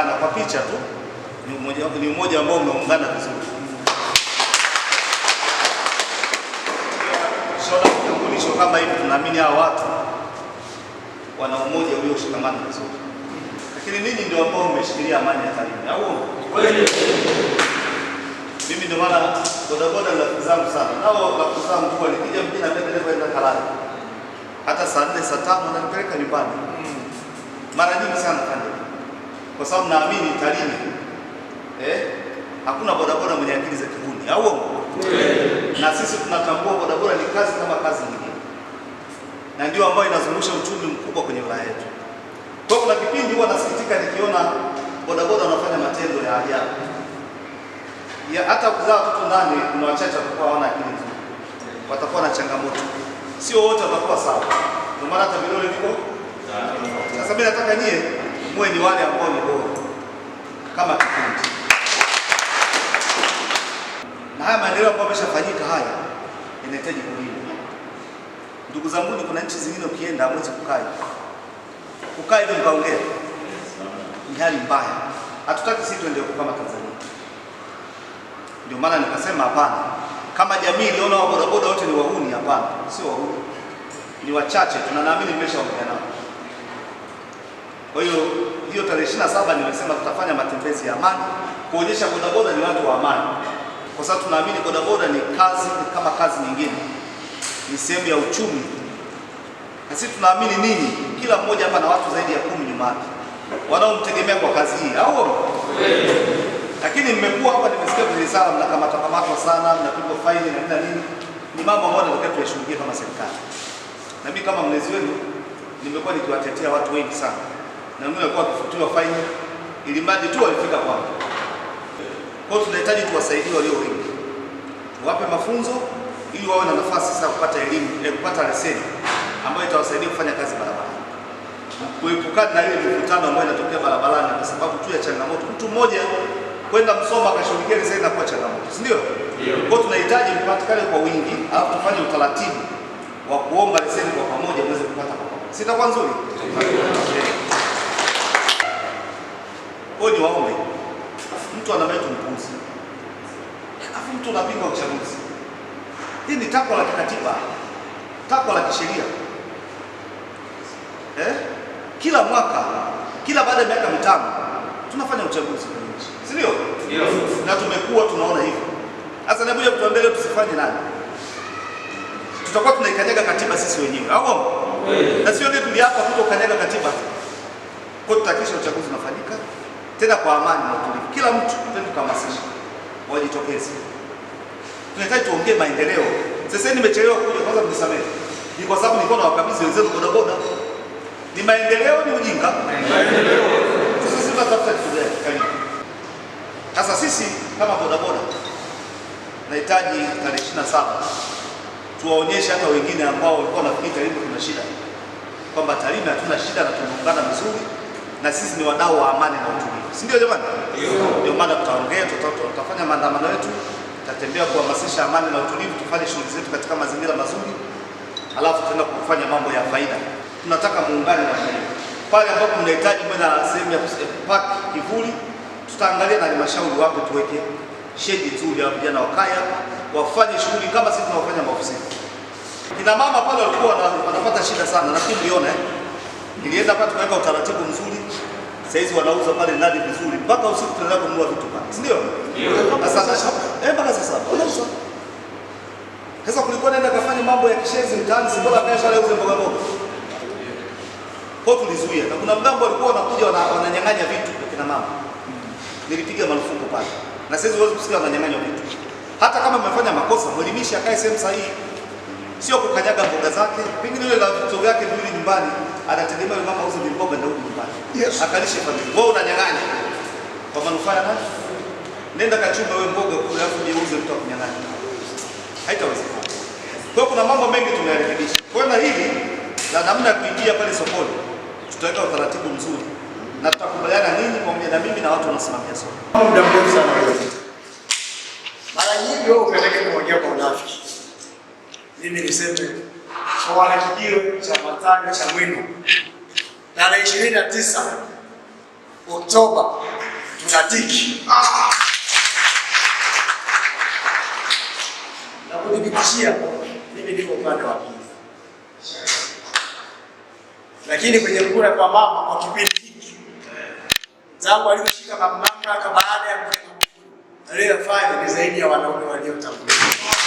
umeungana kwa picha tu, ni umoja, ni umoja ambao umeungana vizuri. Swala la utambulisho kama hivi, tunaamini hao watu wana umoja ulioshikamana vizuri, lakini ninyi ndio ambao mmeshikilia amani ya Tarime, au kweli? Mimi ndio maana bodaboda rafiki zangu sana, nao rafiki zangu kwa nikija mjini napenda kwenda Kalani, hata saa 4 saa tano ananipeleka nyumbani mm. mara nyingi sana. kani kwa sababu naamini Tarime eh, hakuna bodaboda mwenye akili za kihuni au yeah. Na sisi tunatambua bodaboda ni kazi kama kazi nyingine, na ndio ambayo inazungusha uchumi mkubwa kwenye wilaya yetu. Kwa kuna kipindi huwa nasikitika nikiona bodaboda wanafanya matendo ya ajabu ya hata kuzaa watoto ndani. Kuna wachache watakuwa hawana akili nzuri, watakuwa na changamoto, sio wote watakuwa sawa. Ndio maana hata vidole viko sasa. Mimi nataka nyie muwe ni wale ambao ni kama kikundi. Na haya maendeleo ambayo yameshafanyika haya yanahitaji kulindwa. Ndugu zangu, kuna nchi zingine ukienda hamwezi kukaa hivi, kukaa hivi mkaongea, ni hali mbaya. Hatutaki sisi tuende huko kama Tanzania. Ndio maana nikasema hapana, kama jamii iliona wabodaboda wote ni wahuni. Hapana, sio wahuni, ni wachache, tunanaamini nimeshaongea nao, kwa hiyo hiyo tarehe 27 nimesema tutafanya matembezi ya amani kuonyesha bodaboda ni watu wa amani, kwa sababu tunaamini bodaboda ni kazi ni kama kazi nyingine, ni sehemu ya uchumi, na sisi tunaamini nini, kila mmoja hapa na watu zaidi ya kumi nyuma yake wanaomtegemea kwa kazi hii, au lakini nimekuwa hapa, nimesikia vizuri sana, mnakamata kamatwa sana, mnapigwa faini na nini. Ni mambo ambayo tunataka tuyashughulikie kama serikali, na mimi kama mlezi wenu nimekuwa nikiwatetea watu wengi sana na mimi alikuwa akifutiwa faini ili mradi tu alifika kwake. Kwa hiyo tunahitaji tuwasaidie walio wengi, tuwape mafunzo ili wawe na nafasi sasa kupata elimu eh, kupata leseni ambayo itawasaidia kufanya kazi barabarani, kuepukana na ile mikutano ambayo inatokea barabarani kwa sababu tu ya changamoto. Mtu mmoja kwenda Msoma akashughulikia leseni na kuwa changamoto, si ndio? Kwa hiyo tunahitaji mpatikane kwa wingi, alafu tufanye utaratibu wa kuomba leseni kwa pamoja, mweze kupata kwa pamoja, sitakuwa nzuri. tunapinga uchaguzi. Hii ni takwa la kikatiba, takwa la kisheria eh? Kila mwaka, kila baada ya miaka mitano tunafanya uchaguzi kwenye nchi, si ndio? Na tumekuwa tunaona hivyo. Sasa nakuja kutuambia leo tusifanye nani? Tutakuwa tunaikanyaga katiba sisi wenyewe, au na sio ndio? Tuliapa kutokanyaga katiba, kwa tutakisha uchaguzi unafanyika tena kwa amani na utulivu, kila mtu tukahamasisha wajitokeze tunahitaji tuongee maendeleo. Sasa nimechelewa kuja, kwanza mnisamehe, ni kwa sababu nilikuwa na wakabidhi wenzetu bodaboda. Ni maendeleo ni ujinga? Maendeleo. Sasa sisi Sasa sisi kama bodaboda nahitaji tarehe 27 tuwaonyeshe hata wengine ambao walikuwa wanafikiri Tarime kuna shida kwamba Tarime hatuna shida na tunaungana vizuri na sisi ni wadau wa amani na utulivu, si ndio jamani? Ndio maana tutaongea, tutafanya maandamano yetu tutatembea kuhamasisha amani na utulivu, tufanye shughuli zetu katika mazingira mazuri, alafu tutaenda kufanya mambo ya faida. Tunataka muungane na mwenyewe pale ambapo mnahitaji kwenda sehemu ya eh, park kivuli, tutaangalia na halmashauri wapo tuweke shedi nzuri, ya vijana wakaya wafanye shughuli kama sisi tunafanya maofisini. Kina mama pale walikuwa wanapata shida sana, na mliona eh? Nilienda pale tukaweka utaratibu mzuri, sasa wanauza pale ndani vizuri, mpaka usiku tunaenda kununua vitu pale, si ndio? Sasa sasa, unauza. Sasa kulikuwa naenda kafanya mambo ya kishenzi mtaani, si bora biashara ya mboga mboga. Kwa tulizuia na kuna mgambo walikuwa wanakuja wananyang'anya vitu kwa kina mama. Nilipiga marufuku pale. Na sasa huwezi kusikia wananyang'anya vitu. Hata kama mmefanya makosa, mwelimishe akae sehemu sahihi. Sio kukanyaga mboga zake, pengine yule la vitu vyake viwili nyumbani, anategemea yule mama auze mboga ndio nyumbani. Yes. Akalishe familia. Wewe unanyang'anya. Kwa manufaa ya nani? nenda kachumba wewe mboga kule, alafu jiuze mtu akunyang'anya, haitawezekana. Kwa hiyo kuna mambo mengi tumeyarekebisha. Kwa na hili la namna ya kuingia pale sokoni tutaweka utaratibu mzuri na tutakubaliana ninyi pamoja na mimi na watu wanasimamia soko. Kwa Muda mrefu sana wewe. Mara nyingi wewe upeleke kuongea kwa unafiki. Mimi niseme kwa wale wanakijio cha matanga cha Mwino tarehe 29 Oktoba tunatiki. Ah! Lakini kwenye kura kwa mama kwa kipindi hiki tangu walioshika mamlaka baada ya tarehe 5 ni zaidi ya wanaume waliotambulika.